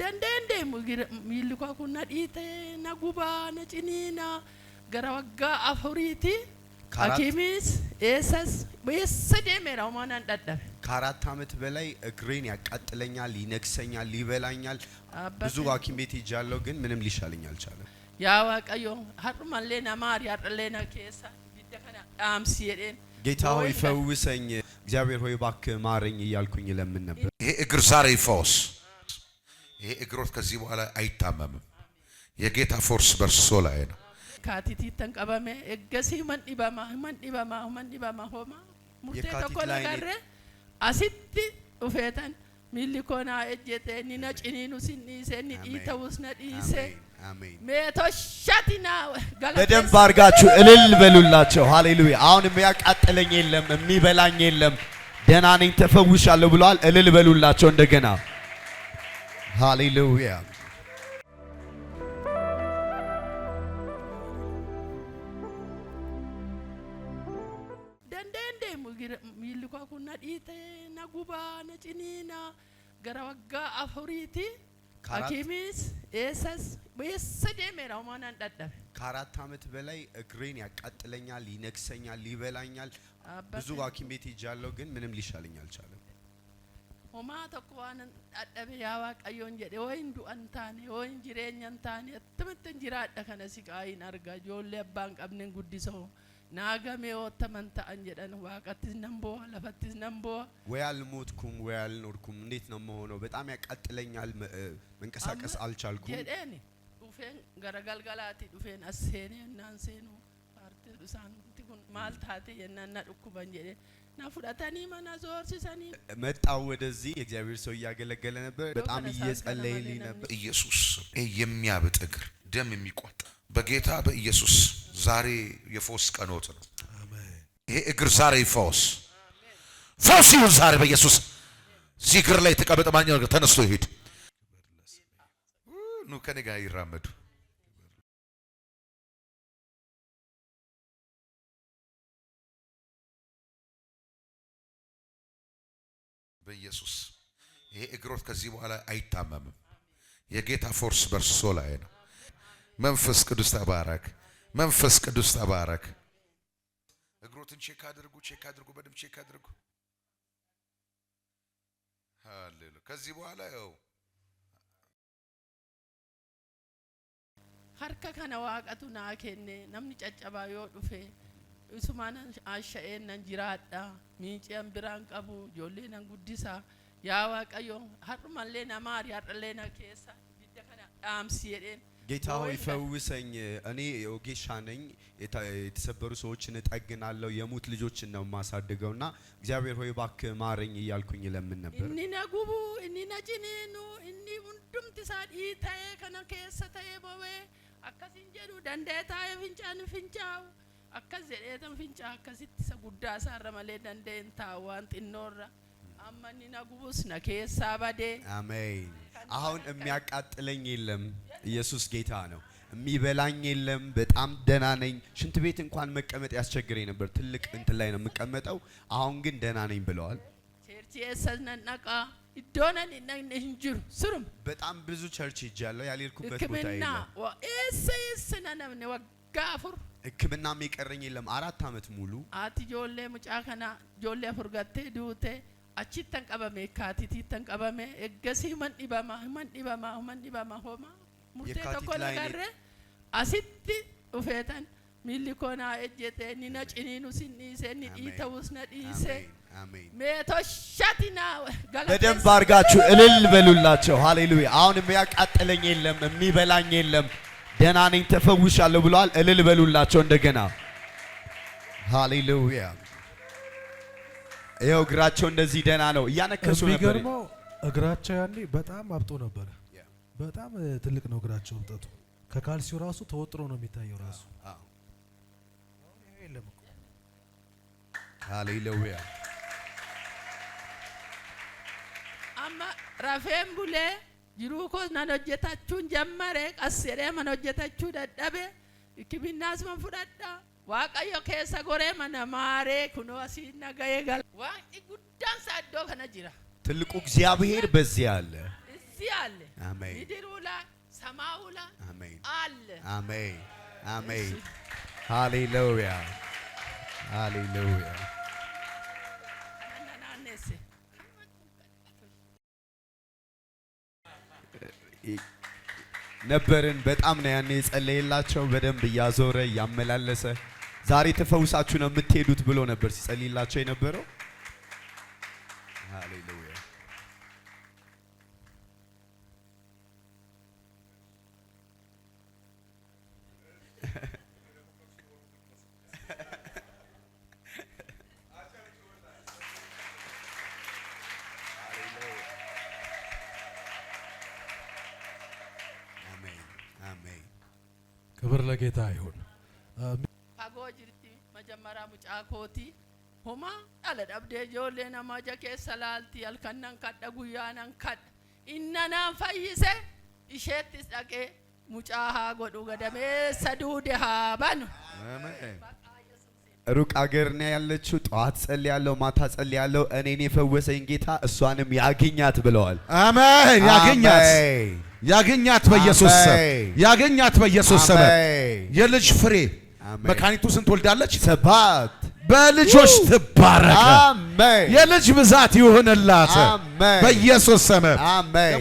danda'e deemu miilli koo kun na dhiite na gubaa na ciniina gara waggaa afuriiti ሐኪሚስ ኤሰስ በየሰደ ሜራው ማናን ዳዳበ ከአራት ዓመት በላይ እግሬን ያቃጥለኛል፣ ይነክሰኛል፣ ይበላኛል። ብዙ ሐኪም ቤት ሄጃለሁ፣ ግን ምንም ሊሻለኝ አልቻለም። ያ ዋቀዮ ሀሩማሌ ናማር ያጠለና ኬሳ ቢደከና የደን ጌታ ሆይ ፈውሰኝ፣ እግዚአብሔር ሆይ ባክ ማረኝ እያልኩኝ ለምን ነበር። ይሄ እግር ዛሬ ፈውስ ይሄ እግሮት ከዚህ በኋላ አይታመምም። የጌታ ፎርስ በርሶ ላይ ነው። ካቲቲ ተንቀበመ እገሲ መን ዲበማ መን ዲበማ መን ዲበማ ሆማ ሙርቴ ተኮ ነጋረ አሲቲ ኡፌተን ሚሊኮና እጀቴ ኒነ ጭኒኑ ሲኒሴ ኒዲተ ውስነ ዲሴ ሜቶሻቲና በደንብ አድርጋችሁ እልል በሉላቸው። ሃሌሉያ! አሁን የሚያቃጥለኝ የለም፣ የሚበላኝ የለም፣ ደህና ነኝ፣ ተፈውሻለሁ ብለዋል። እልል በሉላቸው እንደገና ഹാലിലൂയ ሚልኳኩና ዲቴ ከአራት በላይ እግሬን ያቃጥለኛል፣ ይነክሰኛል፣ ይበላኛል። ብዙ ሐኪም ቤት ሄጃለሁ፣ ግን ምንም ሊሻለኝ አልቻለም። homaa tokko waan dhadhabe yaa waaqayyoon jedhe hin du'an taane hin jireenya hin taane attamitti hin jiraadha kana si qaayin arga ijoollee abbaan qabne guddisa hoo naagamee hoo oottaman ta'an jedhan waaqattis nan boo'a lafattis nan boo'a. Wayaal boዋ ወይ አልሞትኩም ወይ አልኖርኩም እንዴት ነው መሆነው? በጣም ያቃጥለኛል፣ መንቀሳቀስ አልቻልኩም jedheen dhufeen gara galgalaati dhufeen as seenee naan seenu paartii isaan kun maal taate ዱኩበን ጀ ና ፉዳታኒ መና ዞርሲሰኒ መጣው ወደዚህ የእግዚአብሔር ሰው እያገለገለ ነበር። በጣም እየጸለይልኝ ነበር። ኢየሱስ የሚያብጥ እግር ደም የሚቋጥ በጌታ በኢየሱስ ዛሬ የፎስ ቀኖት ነው። ይሄ እግር ዛሬ ይፈወስ፣ ፎስ ይሁን ዛሬ በኢየሱስ እዚህ እግር ላይ የተቀመጠ ማንኛውም ተነስቶ ይሄድ። ኑ ከኔ ጋር ይራመዱ በኢየሱስ ይሄ እግሮት ከዚህ በኋላ አይታመምም። የጌታ ፎርስ በርሶ ላይ ነው። መንፈስ ቅዱስ ተባረክ። መንፈስ ቅዱስ ተባረክ። እግሮትን ቼክ አድርጉ፣ ቼክ አድርጉ፣ በደንብ ቼክ አድርጉ። ሃሌሉ ከዚህ በኋላ ያው ሀርከ ከነዋቀቱ ናኬኔ ነምን ጨጨባ ዮ ዱፌ isumaan asha'een nan jiraadha miicean biraan qabu ijoollee nan guddisaa yaa waaqayyo har'umallee nama ari'adhallee na keessa ibidda kana dhaamsi jedheen ጌታ ሆይ ፈውሰኝ። እኔ ኦጌሻ ነኝ። የተሰበሩ ሰዎችን እጠግናለሁ። የሙት ልጆችን ነው የማሳድገው እና እግዚአብሔር ሆይ እባክህ ማረኝ እያልኩኝ ለምን ነበር እኒ ነጉቡ እኒ ነጭኒኑ እኒ ሁንዱምት ሳ ዲተዬ ከነ ኬሰተዬ ቦቤ አከሲን ጀዱ ደንደታ የፍንጫን ፍንጫው akkas jedheetan fincaa akkasitti isa guddaa isaarra malee danda'een taawaan xinnoorra amma ni naጉቡስ ነ ከሳ ባዴ አሜን። አሁን የሚያቃጥለኝ የለም፣ ኢየሱስ ጌታ ነው። የሚበላኝ የለም። በጣም ደህና ነኝ። ሽንት ቤት እንኳን መቀመጥ ያስቸግረኝ ነበር። ትልቅ እንትን ላይ ነው የምቀመጠው። አሁን ግን ደህና ነኝ ብለዋል። ቸርች የሰነነቃ ይዶነን እንጅሩ ስሩም በጣም ብዙ ቸርች ይጃለሁ። ያልሄድኩበት ቦታ የለም። ሕክምና ወእሰ የሰነነብነ ወጋፉር ሕክምና የሚቀረኝ የለም። አራት አመት ሙሉ አቲ ጆሌ ሙጫ ከና ጆሌ ፉርጋቴ ዱቴ አቺተን ቀበሜ ካቲቲተን ቀበሜ እገሲ መን ዲበማ ሁመን ዲበማ ሁመን ዲበማ ሆማ ሙርቴ ተኮ ነገረ አሲቲ ኡፌተን ሚሊኮና እጀቴ ኒነ ጭኒኑ ሲኒሴ ኒዲተ ውስነ ዲሴ ሜቶሻቲና በደንብ አድርጋችሁ እልል በሉላቸው። ሃሌሉያ! አሁን የሚያቃጥለኝ የለም፣ የሚበላኝ የለም ደህና ነኝ ተፈውሻለሁ ብለዋል። እልል በሉላቸው እንደገና። ሃሌሉያ። ይኸው እግራቸው እንደዚህ ደህና ነው። እያነከሱ ነበር። እግራቸው ያኔ በጣም አብጦ ነበረ። በጣም ትልቅ ነው እግራቸው እብጠቱ። ከካልሲው ራሱ ተወጥሮ ነው የሚታየው ራሱ። ሃሌሉያ አማ ራፌም ቡሌ jiruukoosnan hojjetachuun jammare qassedhee mana hojjetachuu dadhabe hikimiinaas man fudhadha waaqayyo keessa goree mana maaree kunoo asiin nagayee gal waan guddaan isaa iddoo kana jira ትልቁ እግዚአብሔር በዚህ አለ እዚህ አለ አሜን ምድሩ ላይ ሰማዩ ላይ amen አለ አሜን አሜን ሃሌሉያ ሃሌሉያ ነበርን። በጣም ነው ያኔ የጸለየላቸው በደንብ እያዞረ እያመላለሰ ዛሬ ተፈውሳችሁ ነው የምትሄዱት ብሎ ነበር ሲጸልይላቸው የነበረው። ሃሌሉያ ክብር ለጌታ ይሁን። ካጎጅ መጀመሪያ ሙጫ ኮቲ ሁማ ዳለ ዳብዴ ጆሌ ነማጀ ኬሰ ላልቲ አልከነን ካደ ጉያነን ካደ ኢነናን ፈይሴ ኢሼትስ ዳቄ ሙጫ ሀ ጎዱ ገደሜ ሰዱዴ ሀ በኑ ሩቅ አገር ነው ያለችው። ጠዋት ጸልያለሁ፣ ማታ ጸልያለሁ። እኔን የፈወሰኝ ጌታ እሷንም ያገኛት ብለዋል። አሜን። ያገኛት ያገኛት በኢየሱስ ስም ያገኛት በኢየሱስ ስም። የልጅ ፍሬ መካኒቱ ስንት ወልዳለች? ሰባት በልጆች ትባረከ። የልጅ ብዛት ይሁንላት በኢየሱስ ስም።